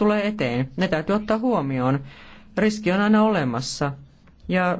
tulee eteen. Ne täytyy ottaa huomioon. Riski on aina olemassa. Ja